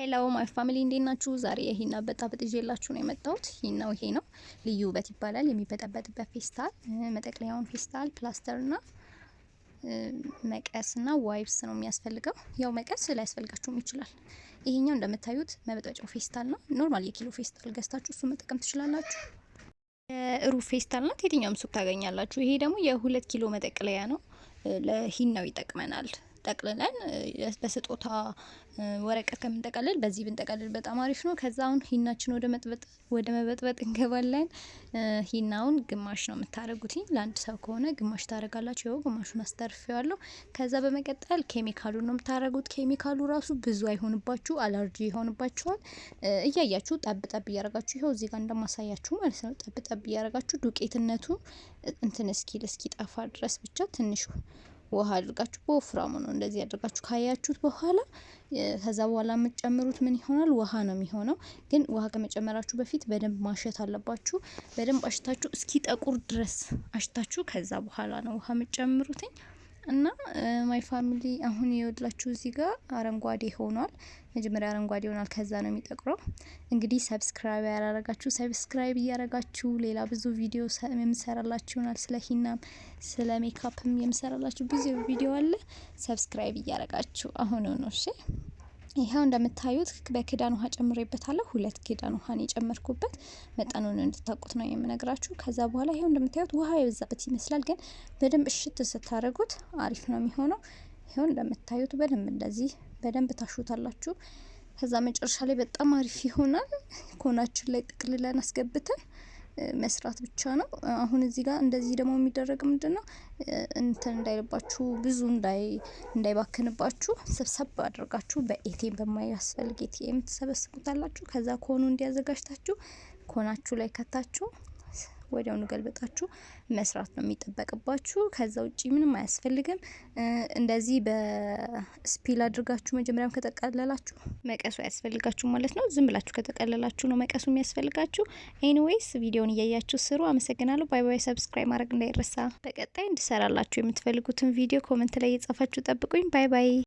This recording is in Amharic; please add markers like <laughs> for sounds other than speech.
ሄሎ ማይ ፋሚሊ እንዴት ናችሁ? ዛሬ የሂና በጣበጥ ይዤላችሁ ነው የመጣሁት። ሂናው ይሄ ነው፣ ልዩ ውበት ይባላል። የሚበጠበጥበት ፌስታል፣ መጠቅለያውን ፌስታል፣ ፕላስተርና መቀስና ዋይፕስ ነው የሚያስፈልገው። ያው መቀስ ላያስፈልጋችሁም ይችላል። ይሄኛው እንደምታዩት መበጠጫው ፌስታል ነው። ኖርማል የኪሎ ፌስታል ገዝታችሁ እሱ መጠቀም ትችላላችሁ። ሩብ ፌስታል ናት፣ የትኛውም ሱቅ ታገኛላችሁ። ይሄ ደግሞ የሁለት ኪሎ መጠቅለያ ነው። ለሂናው ይጠቅመናል። ጠቅልለን በስጦታ ወረቀት ከምንጠቀልል በዚህ ብንጠቀልል በጣም አሪፍ ነው። ከዛ አሁን ሂናችን ወደ መጥበጥ ወደ መበጥበጥ እንገባለን። ሂናውን ግማሽ ነው የምታደርጉትኝ ለአንድ ሰው ከሆነ ግማሽ ታደርጋላችሁ። ይኸው ግማሹን አስተርፌዋለሁ። ከዛ በመቀጠል ኬሚካሉን ነው የምታደርጉት። ኬሚካሉ ራሱ ብዙ አይሆንባችሁ፣ አለርጂ ይሆንባችኋል። እያያችሁ ጠብ ጠብ እያረጋችሁ ይኸው እዚህ ጋር እንደማሳያችሁ ማለት ነው። ጠብ ጠብ ዱቄትነቱ እንትን እስኪል እስኪጠፋ ድረስ ብቻ ትንሹ ውሃ አድርጋችሁ በወፍራሙ ነው እንደዚህ አድርጋችሁ ካያችሁት በኋላ ከዛ በኋላ የምትጨምሩት ምን ይሆናል? ውሃ ነው የሚሆነው። ግን ውሃ ከመጨመራችሁ በፊት በደንብ ማሸት አለባችሁ። በደንብ አሽታችሁ እስኪጠቁር ድረስ አሽታችሁ ከዛ በኋላ ነው ውሃ የምትጨምሩትኝ። እና ማይ ፋሚሊ አሁን የወላችሁ እዚህ ጋር አረንጓዴ ሆኗል። መጀመሪያ አረንጓዴ ሆኗል፣ ከዛ ነው የሚጠቁረው። እንግዲህ ሰብስክራይብ ያላረጋችሁ ሰብስክራይብ እያረጋችሁ ሌላ ብዙ ቪዲዮ የምሰራላችሁ ይሆናል። ስለ ሂናም ስለ ሜካፕም የምሰራላችሁ ብዙ ቪዲዮ አለ። ሰብስክራይብ እያረጋችሁ አሁን ነው እሺ። ይኸው እንደምታዩት በክዳን ውሃ ጨምሬበታለሁ። ሁለት ክዳን ውሃ የጨመርኩበት። መጠኑን እንድታውቁት ነው የምነግራችሁ። ከዛ በኋላ ይኸው እንደምታዩት ውሃ የበዛበት ይመስላል፣ ግን በደንብ እሽት ስታደርጉት አሪፍ ነው የሚሆነው። ይኸው እንደምታዩት በደንብ እንደዚህ በደንብ ታሹታላችሁ። ከዛ መጨረሻ ላይ በጣም አሪፍ ይሆናል። <laughs> ኮናችን ላይ ጥቅልለን አስገብተን መስራት ብቻ ነው። አሁን እዚህ ጋር እንደዚህ ደግሞ የሚደረግ ምንድን ነው እንትን እንዳይልባችሁ ብዙ እንዳይባክንባችሁ ሰብሰብ አድርጋችሁ በኤቲኤም በማያስፈልግ ኤቲኤም ትሰበስቡታላችሁ። ከዛ ከሆኑ እንዲያዘጋጅታችሁ ኮናችሁ ላይ ከታችሁ ወዲያውኑ ገልብጣችሁ መስራት ነው የሚጠበቅባችሁ። ከዛ ውጭ ምንም አያስፈልግም። እንደዚህ በስፒል አድርጋችሁ መጀመሪያም ከጠቀለላችሁ መቀሱ አያስፈልጋችሁ ማለት ነው። ዝም ብላችሁ ከጠቀለላችሁ ነው መቀሱ የሚያስፈልጋችሁ። ኤኒዌይስ ቪዲዮውን እያያችሁ ስሩ። አመሰግናለሁ። ባይ ባይ። ሰብስክራይብ ማድረግ እንዳይረሳ። በቀጣይ እንድሰራላችሁ የምትፈልጉትን ቪዲዮ ኮመንት ላይ እየጻፋችሁ ጠብቁኝ። ባይ ባይ።